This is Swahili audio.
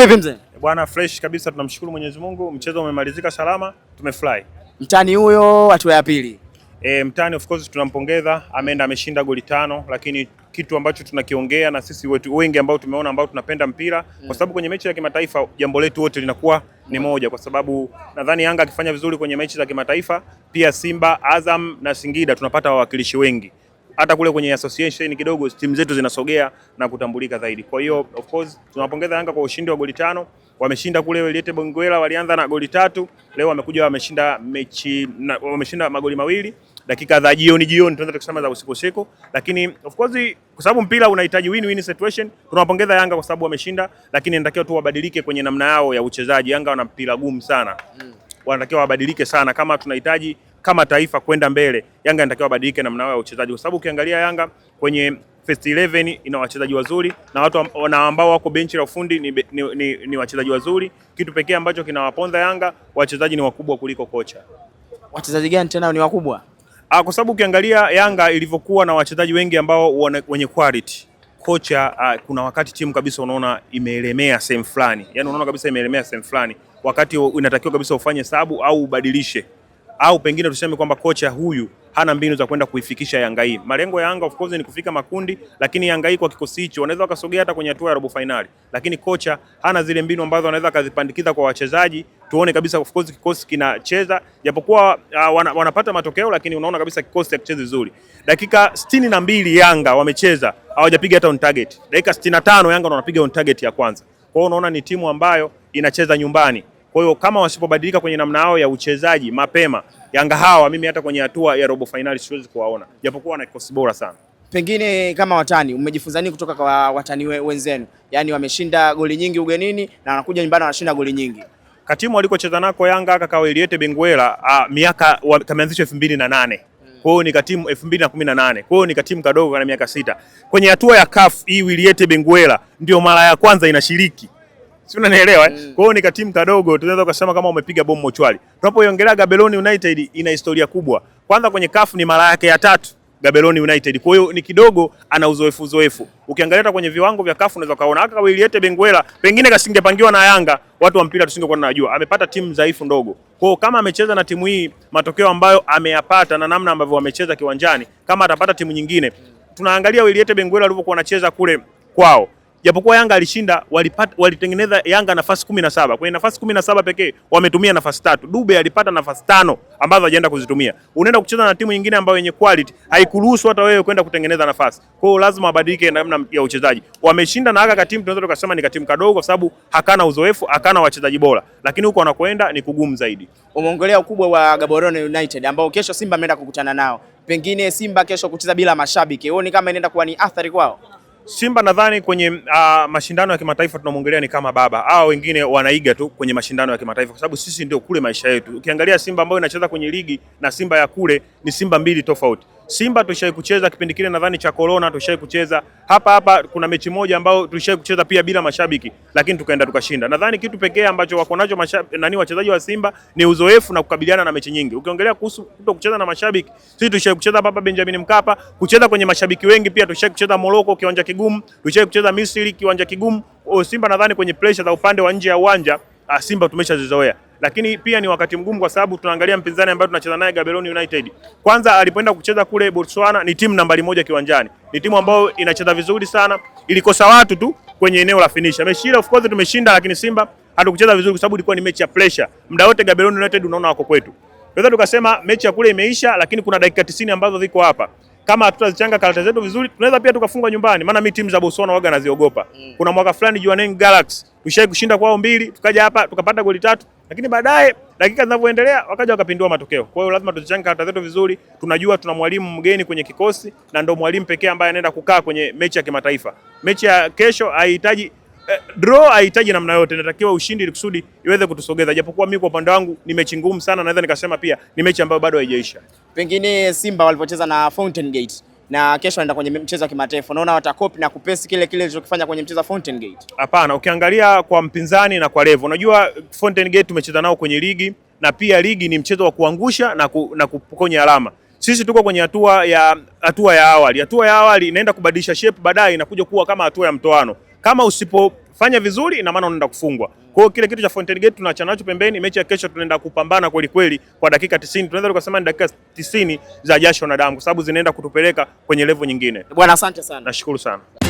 Vipi mzee? Bwana fresh kabisa, tunamshukuru Mwenyezi Mungu, mchezo umemalizika salama, tumefly Mtani huyo hatua ya pili E, mtani of course tunampongeza, ameenda ameshinda goli tano, lakini kitu ambacho tunakiongea na sisi wetu wengi ambao tumeona ambao tunapenda mpira mm, kwa sababu kwenye mechi za kimataifa jambo letu wote linakuwa ni mm. moja, kwa sababu nadhani Yanga akifanya vizuri kwenye mechi za kimataifa, pia Simba, Azam na Singida tunapata wawakilishi wengi hata kule kwenye association kidogo timu zetu zinasogea na kutambulika zaidi. Kwa hiyo of course tunawapongeza Yanga kwa ushindi wa goli tano. Wameshinda kule Wiliete Bonguela, walianza na goli tatu, leo wamekuja wameshinda mechi na, wameshinda magoli mawili dakika za jioni jioni, tunaweza tukisema za usiku usiku, lakini of course kwa sababu mpira unahitaji win win situation. Tunawapongeza Yanga kwa sababu wameshinda, lakini inatakiwa tu wabadilike kwenye namna yao ya uchezaji. Yanga wana mpira gumu sana mm. wanatakiwa wabadilike sana kama tunahitaji kama taifa kwenda mbele, Yanga inatakiwa badilike namna ya uchezaji, kwa sababu ukiangalia Yanga kwenye first 11 ina wachezaji wazuri na watu na ambao wako benchi la ufundi ni, ni, ni, ni wachezaji wazuri. Kitu pekee ambacho kinawaponza Yanga, wachezaji ni wakubwa kuliko kocha. Wachezaji gani tena ni wakubwa? Ah, kwa sababu ukiangalia Yanga ilivyokuwa na wachezaji wengi ambao wenye quality kocha uh, kuna wakati timu kabisa unaona imeelemea sehemu fulani, yani unaona kabisa imeelemea sehemu fulani, wakati inatakiwa kabisa ufanye sabu au ubadilishe au pengine tuseme kwamba kocha huyu hana mbinu za kwenda kuifikisha Yanga hii. Malengo ya Yanga of course ni kufika makundi, lakini Yanga hii kwa kikosi hicho wanaweza wakasogea hata kwenye hatua ya robo fainali, lakini kocha hana zile mbinu ambazo anaweza akazipandikiza kwa wachezaji. Tuone kabisa of course kikosi kinacheza japokuwa uh, wana, wanapata matokeo, lakini unaona kabisa kikosi hakichezi vizuri. Dakika sitini na mbili Yanga wamecheza hawajapiga hata on target. Dakika sitini na tano Yanga wanapiga on target ya kwanza. Kwa hiyo unaona ni timu ambayo inacheza nyumbani kwa hiyo kama wasipobadilika kwenye namna yao ya uchezaji mapema, Yanga hawa mimi hata kwenye hatua ya robo fainali siwezi kuwaona, japokuwa wana kikosi bora sana. Pengine kama watani, umejifunza nini kutoka kwa watani wenzenu? Yaani wameshinda goli nyingi ugenini na wanakuja nyumbani wanashinda goli nyingi. Katimu walikocheza nako Yanga kaka Eliete Benguela miaka kameanzisha elfu mbili na nane kwa hiyo ni katimu elfu mbili na kumi na nane kwa hiyo ni katimu kadogo kana miaka sita. Kwenye hatua ya CAF hii Wiliete Benguela ndio mara ya kwanza inashiriki si unanielewa eh? Mm. Kwa hiyo ni ka timu kadogo, tunaweza kusema kama umepiga bomu mochwali. Tunapoiongelea Gabelone United ina historia kubwa, kwanza kwenye CAF ni mara yake ya tatu Gabelone United. Kwa hiyo ni kidogo ana uzoefu uzoefu. Ukiangalia hata kwenye viwango vya CAF unaweza kaona hata Wiliete Benguela pengine kasingepangiwa na Yanga, watu wa mpira tusingekuwa tunajua. Amepata timu dhaifu ndogo. Kwa hiyo kama amecheza na timu hii, matokeo ambayo ameyapata na namna ambavyo wamecheza kiwanjani, kama atapata timu nyingine. Tunaangalia Wiliete Benguela alivyokuwa anacheza kule kwao japokuwa Yanga alishinda, walipata walitengeneza Yanga nafasi kumi na saba kwenye nafasi kumi na saba pekee wametumia nafasi tatu. Dube alipata nafasi tano ambazo hajaenda kuzitumia. Unaenda kucheza na timu nyingine ambayo yenye quality haikuruhusu hata wewe kwenda kutengeneza nafasi, kwa hiyo lazima wabadilike namna ya uchezaji. Wameshinda na haka katimu, tunaweza tukasema ni katimu kadogo, kwa sababu hakana uzoefu, hakana wachezaji bora, lakini huko wanakoenda ni kugumu zaidi. Umeongelea ukubwa wa Gaborone United ambao kesho Simba ameenda kukutana nao, pengine Simba kesho kucheza bila mashabiki, huoni kama inaenda kuwa ni athari kwao? Simba nadhani kwenye uh, mashindano ya kimataifa tunamwongelea ni kama baba. Hao wengine wanaiga tu kwenye mashindano ya kimataifa kwa sababu sisi ndio kule maisha yetu. Ukiangalia Simba ambayo inacheza kwenye ligi na Simba ya kule ni Simba mbili tofauti. Simba tulishai kucheza kipindi kile nadhani cha corona, tulishai kucheza hapa hapa. Kuna mechi moja ambayo tulishai kucheza pia bila mashabiki, lakini tukaenda tukashinda. Nadhani kitu pekee ambacho wako nacho nani wachezaji wa Simba ni uzoefu na kukabiliana na mechi nyingi. Ukiongelea kuhusu kuto kucheza na mashabiki, sisi tulishai kucheza hapa Benjamin Mkapa, kucheza kwenye mashabiki wengi, pia tulishai kucheza Moroko kiwanja kigumu, tulishai kucheza Misri kiwanja kigumu. Simba nadhani kwenye pressure za upande wa nje ya uwanja ah, Simba tumeshazizoea lakini pia ni wakati mgumu kwa sababu tunaangalia mpinzani ambaye tunacheza naye Gaborone United. Kwanza alipoenda kucheza kule Botswana, ni timu nambari moja kiwanjani, ni timu ambayo inacheza vizuri sana, ilikosa watu tu kwenye eneo la finisha. Meshira, of course tumeshinda, lakini Simba hatukucheza vizuri kwa sababu ilikuwa ni mechi ya pressure. Muda wote Gaborone United unaona wako kwetu, tukasema mechi ya kule imeisha, lakini kuna dakika 90 ambazo ziko hapa kama hatutazichanga karata zetu vizuri, tunaweza pia tukafungwa nyumbani, maana mimi timu za Botswana waga naziogopa. Mm. Kuna mwaka fulani Jwaneng Galaxy tushai kushinda kwao mbili, tukaja hapa tukapata goli tatu, lakini baadaye dakika zinavyoendelea wakaja wakapindua matokeo. Kwa hiyo lazima tuzichanga karata zetu vizuri. Tunajua tuna mwalimu mgeni kwenye kikosi na ndo mwalimu pekee ambaye anaenda kukaa kwenye mechi ya kimataifa. Mechi ya kesho haihitaji draw haihitaji namna yote, inatakiwa ushindi ili kusudi iweze kutusogeza. Japokuwa mimi kwa upande wangu ni mechi ngumu sana, naweza nikasema pia ni mechi ambayo bado haijaisha. Pengine Simba walipocheza na Fountain Gate na kesho anaenda kwenye mchezo wa kimataifa, unaona watakopi na kupesi kile kile kilichokifanya kwenye mchezo wa Fountain Gate? Hapana, ukiangalia kwa mpinzani na kwa level, unajua Fountain Gate tumecheza nao kwenye ligi na pia ligi ni mchezo wa kuangusha na, ku, na kupokonya alama. Sisi tuko kwenye hatua ya hatua ya awali. Hatua ya awali inaenda kubadilisha shape, baadaye inakuja kuwa kama hatua ya mtoano. Kama usipofanya vizuri, ina maana unaenda kufungwa. Kwa hiyo kile kitu cha Fountain Gate tunaachana nacho pembeni. Mechi ya kesho tunaenda kupambana kweli kweli kwa dakika 90. Tunaweza tukasema ni dakika 90 za jasho na damu, kwa sababu zinaenda kutupeleka kwenye level nyingine. Bwana, asante sana, nashukuru sana.